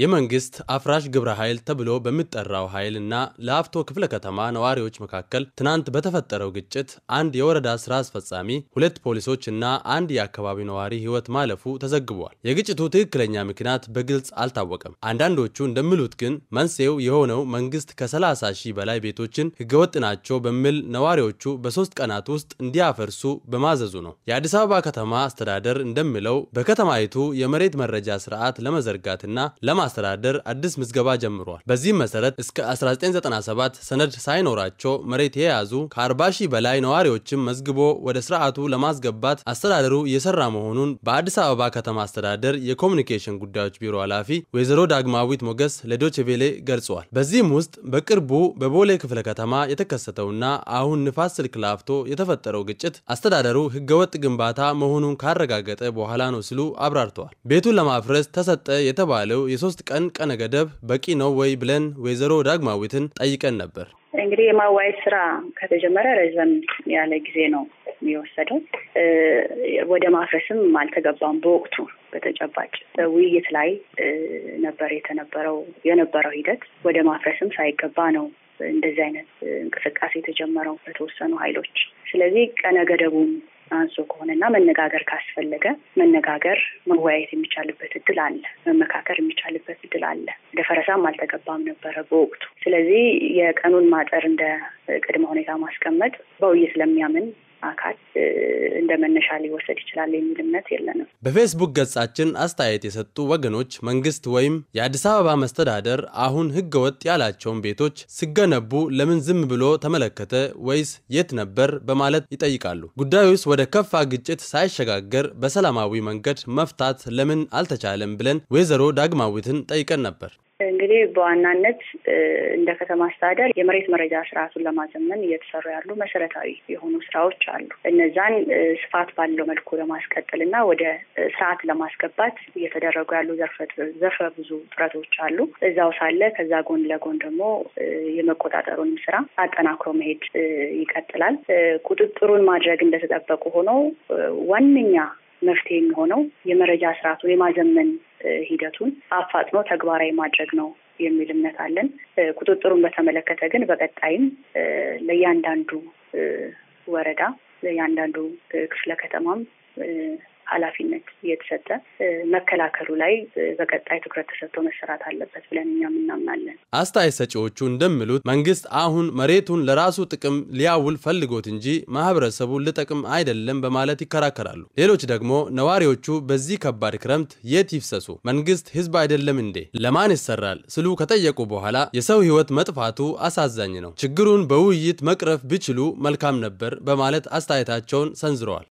የመንግስት አፍራሽ ግብረ ኃይል ተብሎ በሚጠራው ኃይል እና ለአፍቶ ክፍለ ከተማ ነዋሪዎች መካከል ትናንት በተፈጠረው ግጭት አንድ የወረዳ ስራ አስፈጻሚ፣ ሁለት ፖሊሶች እና አንድ የአካባቢ ነዋሪ ህይወት ማለፉ ተዘግቧል። የግጭቱ ትክክለኛ ምክንያት በግልጽ አልታወቀም። አንዳንዶቹ እንደሚሉት ግን መንስኤው የሆነው መንግስት ከ30 ሺህ በላይ ቤቶችን ህገወጥ ናቸው በሚል ነዋሪዎቹ በሶስት ቀናት ውስጥ እንዲያፈርሱ በማዘዙ ነው። የአዲስ አበባ ከተማ አስተዳደር እንደሚለው በከተማይቱ የመሬት መረጃ ስርዓት ለመዘርጋትና ለማ አስተዳደር አዲስ ምዝገባ ጀምሯል። በዚህም መሰረት እስከ 1997 ሰነድ ሳይኖራቸው መሬት የያዙ ከ40 ሺህ በላይ ነዋሪዎችን መዝግቦ ወደ ስርዓቱ ለማስገባት አስተዳደሩ እየሰራ መሆኑን በአዲስ አበባ ከተማ አስተዳደር የኮሚኒኬሽን ጉዳዮች ቢሮ ኃላፊ ወይዘሮ ዳግማዊት ሞገስ ለዶችቬሌ ቬሌ ገልጸዋል። በዚህም ውስጥ በቅርቡ በቦሌ ክፍለ ከተማ የተከሰተውና አሁን ንፋስ ስልክ ላፍቶ የተፈጠረው ግጭት አስተዳደሩ ህገወጥ ግንባታ መሆኑን ካረጋገጠ በኋላ ነው ሲሉ አብራርተዋል። ቤቱን ለማፍረስ ተሰጠ የተባለው የሶስት የሶስት ቀን ቀነ ገደብ በቂ ነው ወይ ብለን ወይዘሮ ዳግማዊትን ጠይቀን ነበር። እንግዲህ የማዋየት ስራ ከተጀመረ ረዘም ያለ ጊዜ ነው የወሰደው። ወደ ማፍረስም አልተገባም። በወቅቱ በተጨባጭ ውይይት ላይ ነበር የተነበረው የነበረው ሂደት ወደ ማፍረስም ሳይገባ ነው እንደዚህ አይነት እንቅስቃሴ የተጀመረው በተወሰኑ ኃይሎች። ስለዚህ ቀነ አንሶ ከሆነና መነጋገር ካስፈለገ መነጋገር መወያየት የሚቻልበት እድል አለ። መመካከር የሚቻልበት እድል አለ። ወደ ፈረሳም አልተገባም ነበረ በወቅቱ። ስለዚህ የቀኑን ማጠር እንደ ቅድመ ሁኔታ ማስቀመጥ በውይይት ስለሚያምን አካል እንደ መነሻ ሊወሰድ ይችላል የሚል እምነት የለንም። በፌስቡክ ገጻችን አስተያየት የሰጡ ወገኖች መንግስት ወይም የአዲስ አበባ መስተዳደር አሁን ህገወጥ ያላቸውን ቤቶች ሲገነቡ ለምን ዝም ብሎ ተመለከተ ወይስ የት ነበር በማለት ይጠይቃሉ። ጉዳዩስ ወደ ከፋ ግጭት ሳይሸጋገር በሰላማዊ መንገድ መፍታት ለምን አልተቻለም ብለን ወይዘሮ ዳግማዊትን ጠይቀን ነበር። እንግዲህ በዋናነት እንደ ከተማ አስተዳደር የመሬት መረጃ ስርዓቱን ለማዘመን እየተሰሩ ያሉ መሰረታዊ የሆኑ ስራዎች አሉ። እነዛን ስፋት ባለው መልኩ ለማስቀጠል እና ወደ ስርዓት ለማስገባት እየተደረጉ ያሉ ዘርፈ ብዙ ጥረቶች አሉ። እዛው ሳለ ከዛ ጎን ለጎን ደግሞ የመቆጣጠሩንም ስራ አጠናክሮ መሄድ ይቀጥላል። ቁጥጥሩን ማድረግ እንደተጠበቁ ሆኖ ዋነኛ መፍትሄ የሚሆነው የመረጃ ስርዓቱን የማዘመን ሂደቱን አፋጥኖ ተግባራዊ ማድረግ ነው የሚል እምነት አለን። ቁጥጥሩን በተመለከተ ግን በቀጣይም ለእያንዳንዱ ወረዳ ለእያንዳንዱ ክፍለ ከተማም ኃላፊነት እየተሰጠ መከላከሉ ላይ በቀጣይ ትኩረት ተሰጥቶ መሰራት አለበት ብለን እኛ አስተያየት ሰጪዎቹ እንደሚሉት መንግስት አሁን መሬቱን ለራሱ ጥቅም ሊያውል ፈልጎት እንጂ ማህበረሰቡ ልጠቅም አይደለም በማለት ይከራከራሉ። ሌሎች ደግሞ ነዋሪዎቹ በዚህ ከባድ ክረምት የት ይፍሰሱ? መንግስት ህዝብ አይደለም እንዴ? ለማን ይሰራል? ስሉ ከጠየቁ በኋላ የሰው ህይወት መጥፋቱ አሳዛኝ ነው፣ ችግሩን በውይይት መቅረፍ ቢችሉ መልካም ነበር በማለት አስተያየታቸውን ሰንዝረዋል።